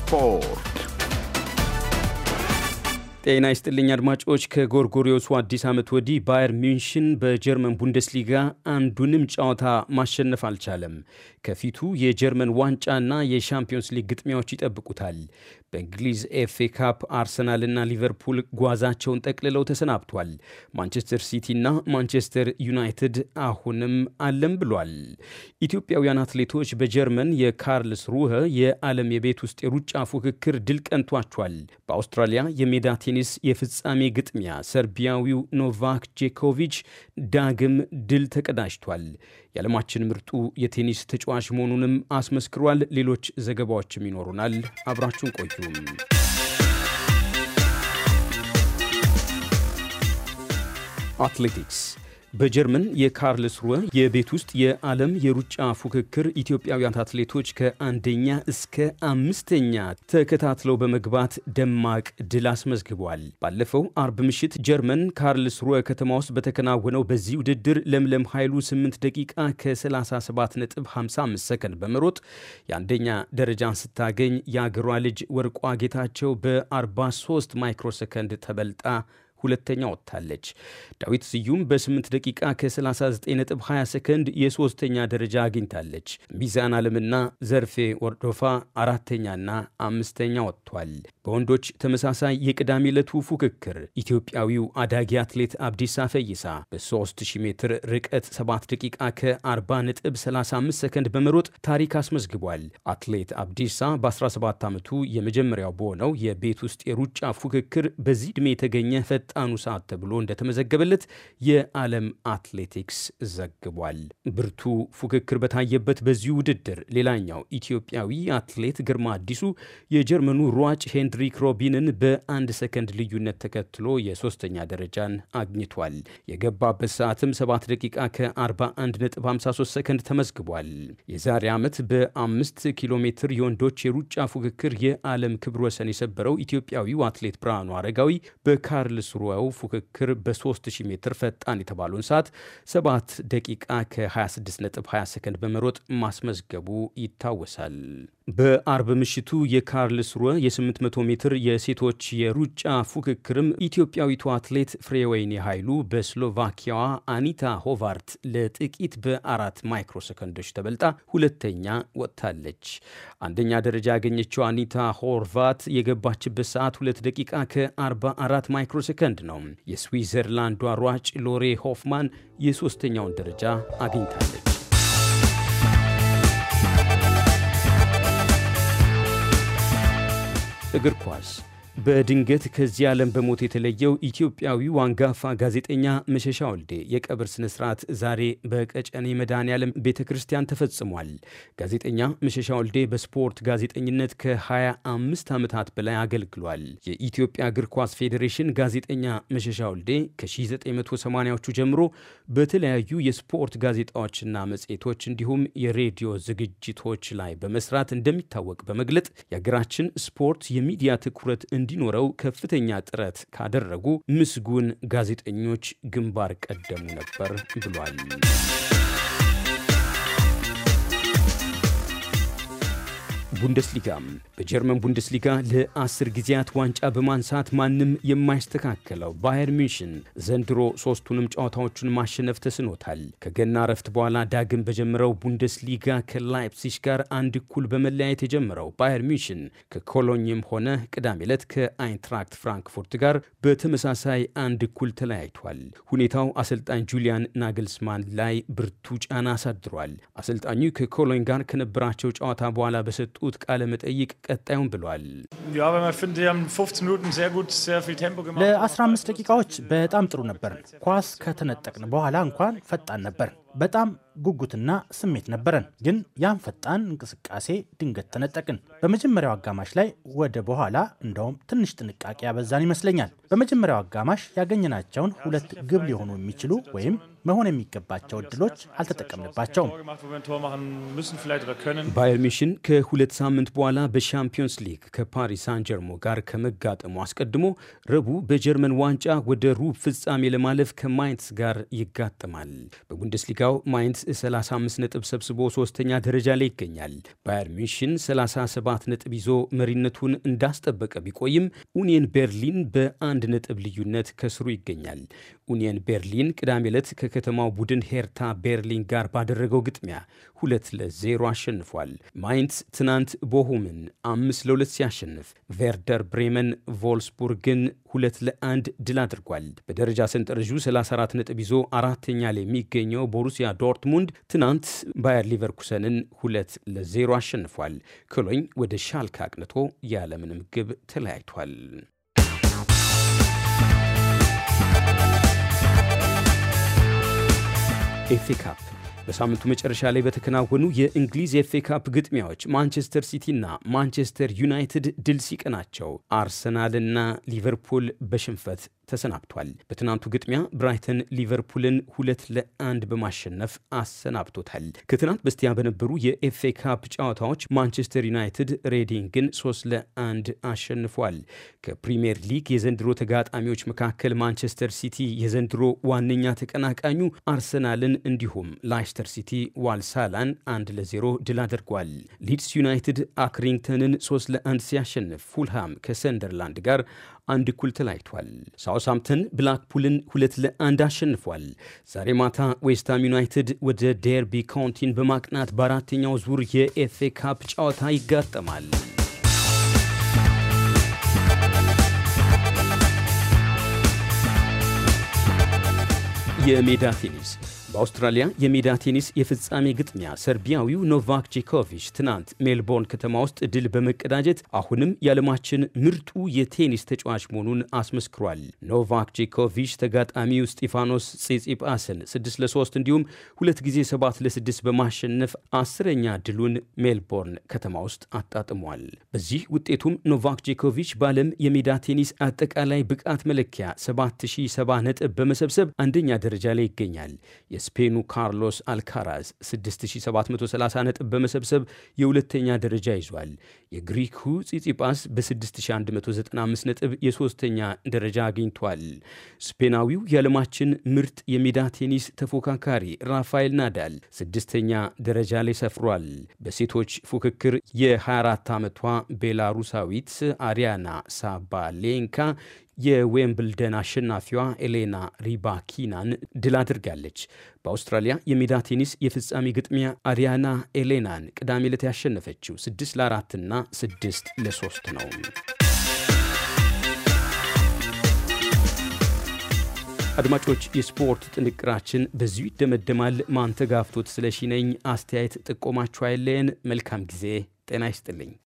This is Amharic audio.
spor. ጤና ይስጥልኝ አድማጮች። ከጎርጎሪዮሱ አዲስ ዓመት ወዲህ ባየር ሚንሽን በጀርመን ቡንደስሊጋ አንዱንም ጨዋታ ማሸነፍ አልቻለም። ከፊቱ የጀርመን ዋንጫና የሻምፒዮንስ ሊግ ግጥሚያዎች ይጠብቁታል። በእንግሊዝ ኤፍኤ ካፕ አርሰናልና ሊቨርፑል ጓዛቸውን ጠቅልለው ተሰናብቷል። ማንቸስተር ሲቲና ማንቸስተር ዩናይትድ አሁንም አለም ብሏል። ኢትዮጵያውያን አትሌቶች በጀርመን የካርልስ ሩህ የዓለም የቤት ውስጥ የሩጫ ፉክክር ድል ቀንቷቸዋል። በአውስትራሊያ የሜዳ የቴኒስ የፍጻሜ ግጥሚያ ሰርቢያዊው ኖቫክ ጄኮቪች ዳግም ድል ተቀዳጅቷል። የዓለማችን ምርጡ የቴኒስ ተጫዋች መሆኑንም አስመስክሯል። ሌሎች ዘገባዎችም ይኖሩናል። አብራችሁን ቆዩም። አትሌቲክስ በጀርመን የካርልስሩወ የቤት ውስጥ የዓለም የሩጫ ፉክክር ኢትዮጵያውያን አትሌቶች ከአንደኛ እስከ አምስተኛ ተከታትለው በመግባት ደማቅ ድል አስመዝግቧል። ባለፈው አርብ ምሽት ጀርመን ካርልስሩወ ከተማ ውስጥ በተከናወነው በዚህ ውድድር ለምለም ኃይሉ 8 ደቂቃ ከ 55 ሰከንድ በመሮጥ የአንደኛ ደረጃን ስታገኝ የአገሯ ልጅ ወርቋ ጌታቸው በ43 ማይክሮሰከንድ ተበልጣ ሁለተኛ ወጥታለች። ዳዊት ስዩም በ8 ደቂቃ ከ39.20 ሰከንድ የሶስተኛ ደረጃ አግኝታለች። ሚዛን አለምና ዘርፌ ወርዶፋ አራተኛና አምስተኛ ወጥቷል። በወንዶች ተመሳሳይ የቅዳሜ ዕለቱ ፉክክር ኢትዮጵያዊው አዳጊ አትሌት አብዲሳ ፈይሳ በ3000 ሜትር ርቀት 7 ደቂቃ ከ40.35 ሰከንድ በመሮጥ ታሪክ አስመዝግቧል። አትሌት አብዲሳ በ17 ዓመቱ የመጀመሪያው በሆነው የቤት ውስጥ የሩጫ ፉክክር በዚህ ዕድሜ የተገኘ ፈ ፈጣኑ ሰዓት ተብሎ እንደተመዘገበለት የዓለም አትሌቲክስ ዘግቧል። ብርቱ ፉክክር በታየበት በዚህ ውድድር ሌላኛው ኢትዮጵያዊ አትሌት ግርማ አዲሱ የጀርመኑ ሯጭ ሄንድሪክ ሮቢንን በአንድ ሰከንድ ልዩነት ተከትሎ የሶስተኛ ደረጃን አግኝቷል። የገባበት ሰዓትም 7 ደቂቃ ከ41.53 ሰከንድ ተመዝግቧል። የዛሬ ዓመት በአምስት ኪሎ ሜትር የወንዶች የሩጫ ፉክክር የዓለም ክብረ ወሰን የሰበረው ኢትዮጵያዊው አትሌት ብርሃኑ አረጋዊ በካርልስ በኩሩያው ፉክክር በ3000 ሜትር ፈጣን የተባለውን ሰዓት 7 ደቂቃ ከ26.20 ሰከንድ በመሮጥ ማስመዝገቡ ይታወሳል። በአርብ ምሽቱ የካርልስሩወ የ800 ሜትር የሴቶች የሩጫ ፉክክርም ኢትዮጵያዊቱ አትሌት ፍሬወይኒ ኃይሉ በስሎቫኪያዋ አኒታ ሆቫርት ለጥቂት በአራት ማይክሮ ሰከንዶች ተበልጣ ሁለተኛ ወጥታለች። አንደኛ ደረጃ ያገኘችው አኒታ ሆርቫት የገባችበት ሰዓት 2 ደቂቃ ከ44 ማይክሮ ሰከንድ ዘንድ ነው። የስዊዘርላንዷ ሯጭ ሎሬ ሆፍማን የሦስተኛውን ደረጃ አግኝታለች። እግር ኳስ በድንገት ከዚህ ዓለም በሞት የተለየው ኢትዮጵያዊው አንጋፋ ጋዜጠኛ መሸሻ ወልዴ የቀብር ስነ ስርዓት ዛሬ በቀጨኔ መድኃኔዓለም ቤተ ክርስቲያን ተፈጽሟል። ጋዜጠኛ መሸሻ ወልዴ በስፖርት ጋዜጠኝነት ከ25 ዓመታት በላይ አገልግሏል። የኢትዮጵያ እግር ኳስ ፌዴሬሽን ጋዜጠኛ መሸሻ ወልዴ ከ1980ዎቹ ጀምሮ በተለያዩ የስፖርት ጋዜጣዎችና መጽሔቶች እንዲሁም የሬዲዮ ዝግጅቶች ላይ በመስራት እንደሚታወቅ በመግለጥ የሀገራችን ስፖርት የሚዲያ ትኩረት እንዲ እንዲኖረው ከፍተኛ ጥረት ካደረጉ ምስጉን ጋዜጠኞች ግንባር ቀደሙ ነበር ብሏል። ቡንደስሊጋ በጀርመን ቡንደስሊጋ ለአስር ጊዜያት ዋንጫ በማንሳት ማንም የማይስተካከለው ባየር ሚንሽን ዘንድሮ ሶስቱንም ጨዋታዎቹን ማሸነፍ ተስኖታል። ከገና ረፍት በኋላ ዳግም በጀመረው ቡንደስሊጋ ከላይፕሲሽ ጋር አንድ እኩል በመለያየት የጀመረው ባየር ሚንሽን ከኮሎኝም ሆነ ቅዳሜ ዕለት ከአይንትራክት ፍራንክፉርት ጋር በተመሳሳይ አንድ እኩል ተለያይቷል። ሁኔታው አሰልጣኝ ጁሊያን ናግልስማን ላይ ብርቱ ጫና አሳድሯል። አሰልጣኙ ከኮሎኝ ጋር ከነበራቸው ጨዋታ በኋላ በሰጡ ባደረጉት ቃለ መጠይቅ ቀጣዩን ብሏል። ለ15 ደቂቃዎች በጣም ጥሩ ነበር። ኳስ ከተነጠቅን በኋላ እንኳን ፈጣን ነበር። በጣም ጉጉትና ስሜት ነበረን፣ ግን ያን ፈጣን እንቅስቃሴ ድንገት ተነጠቅን። በመጀመሪያው አጋማሽ ላይ ወደ በኋላ እንደውም ትንሽ ጥንቃቄ ያበዛን ይመስለኛል። በመጀመሪያው አጋማሽ ያገኘናቸውን ሁለት ግብ ሊሆኑ የሚችሉ ወይም መሆን የሚገባቸው እድሎች አልተጠቀምንባቸውም። ባየር ሚሽን ከሁለት ሳምንት በኋላ በሻምፒዮንስ ሊግ ከፓሪስ ሳን ጀርሞ ጋር ከመጋጠሙ አስቀድሞ ረቡዕ በጀርመን ዋንጫ ወደ ሩብ ፍጻሜ ለማለፍ ከማይንስ ጋር ይጋጥማል። በቡንደስሊጋው ማይንስ 35 ነጥብ ሰብስቦ ሶስተኛ ደረጃ ላይ ይገኛል። ባየር ሚሽን 37 ነጥብ ይዞ መሪነቱን እንዳስጠበቀ ቢቆይም ኡኒየን ቤርሊን በአንድ ነጥብ ልዩነት ከስሩ ይገኛል። ኡኒየን ቤርሊን ቅዳሜ ዕለት ከከተማው ቡድን ሄርታ ቤርሊን ጋር ባደረገው ግጥሚያ ሁለት ለዜሮ አሸንፏል። ማይንስ ትናንት ቦሁምን አምስት ለሁለት ሲያሸንፍ ቬርደር ብሬመን ቮልስቡርግን ሁለት ለአንድ ድል አድርጓል። በደረጃ ሰንጠረዡ 34 ነጥብ ይዞ አራተኛ ላይ የሚገኘው ቦሩሲያ ዶርትሙንድ ትናንት ባየር ሊቨርኩሰንን ሁለት ለዜሮ አሸንፏል። ክሎኝ ወደ ሻልካ አቅንቶ ያለምንም ግብ ተለያይቷል። ኤፌ ካፕ በሳምንቱ መጨረሻ ላይ በተከናወኑ የእንግሊዝ ኤፌ ካፕ ግጥሚያዎች ማንቸስተር ሲቲና ማንቸስተር ዩናይትድ ድል ሲቀናቸው፣ አርሰናልና ሊቨርፑል በሽንፈት ተሰናብቷል። በትናንቱ ግጥሚያ ብራይተን ሊቨርፑልን ሁለት ለአንድ በማሸነፍ አሰናብቶታል። ከትናንት በስቲያ በነበሩ የኤፍኤ ካፕ ጨዋታዎች ማንቸስተር ዩናይትድ ሬዲንግን ሶስት ለአንድ አሸንፏል። ከፕሪምየር ሊግ የዘንድሮ ተጋጣሚዎች መካከል ማንቸስተር ሲቲ የዘንድሮ ዋነኛ ተቀናቃኙ አርሰናልን እንዲሁም ላይስተር ሲቲ ዋልሳላን አንድ ለዜሮ ድል አድርጓል። ሊድስ ዩናይትድ አክሪንግተንን ሶስት ለአንድ ሲያሸንፍ ፉልሃም ከሰንደርላንድ ጋር አንድ እኩል ተለያይቷል። ሳውስሃምፕተን ብላክፑልን ሁለት ለአንድ አሸንፏል። ዛሬ ማታ ዌስትሃም ዩናይትድ ወደ ዴርቢ ካውንቲን በማቅናት በአራተኛው ዙር የኤፍኤ ካፕ ጨዋታ ይጋጠማል። የሜዳ ቴኒስ በአውስትራሊያ የሜዳ ቴኒስ የፍጻሜ ግጥሚያ ሰርቢያዊው ኖቫክ ጄኮቪች ትናንት ሜልቦርን ከተማ ውስጥ ድል በመቀዳጀት አሁንም የዓለማችን ምርጡ የቴኒስ ተጫዋች መሆኑን አስመስክሯል። ኖቫክ ጄኮቪች ተጋጣሚው ስጢፋኖስ ጼጼጳስን 6 ለ3 እንዲሁም ሁለት ጊዜ 7 ለ6 በማሸነፍ አስረኛ ድሉን ሜልቦርን ከተማ ውስጥ አጣጥሟል። በዚህ ውጤቱም ኖቫክ ጄኮቪች በዓለም የሜዳ ቴኒስ አጠቃላይ ብቃት መለኪያ 7070 ነጥብ በመሰብሰብ አንደኛ ደረጃ ላይ ይገኛል። ስፔኑ ካርሎስ አልካራዝ 6730 ነጥብ በመሰብሰብ የሁለተኛ ደረጃ ይዟል። የግሪኩ ጺጺጳስ በ6195 ነጥብ የሦስተኛ ደረጃ አግኝቷል። ስፔናዊው የዓለማችን ምርጥ የሜዳ ቴኒስ ተፎካካሪ ራፋኤል ናዳል ስድስተኛ ደረጃ ላይ ሰፍሯል። በሴቶች ፉክክር የ24 ዓመቷ ቤላሩሳዊት አሪያና ሳባሌንካ የዌምብልደን አሸናፊዋ ኤሌና ሪባኪናን ድል አድርጋለች። በአውስትራሊያ የሜዳ ቴኒስ የፍጻሜ ግጥሚያ አሪያና ኤሌናን ቅዳሜ ዕለት ያሸነፈችው 6 ለ4 እና 6 ለ3 ነው። አድማጮች፣ የስፖርት ጥንቅራችን በዚሁ ይደመደማል። ማንተጋፍቶት ስለሺ ነኝ። አስተያየት ጥቆማችሁ አይለየን። መልካም ጊዜ። ጤና ይስጥልኝ።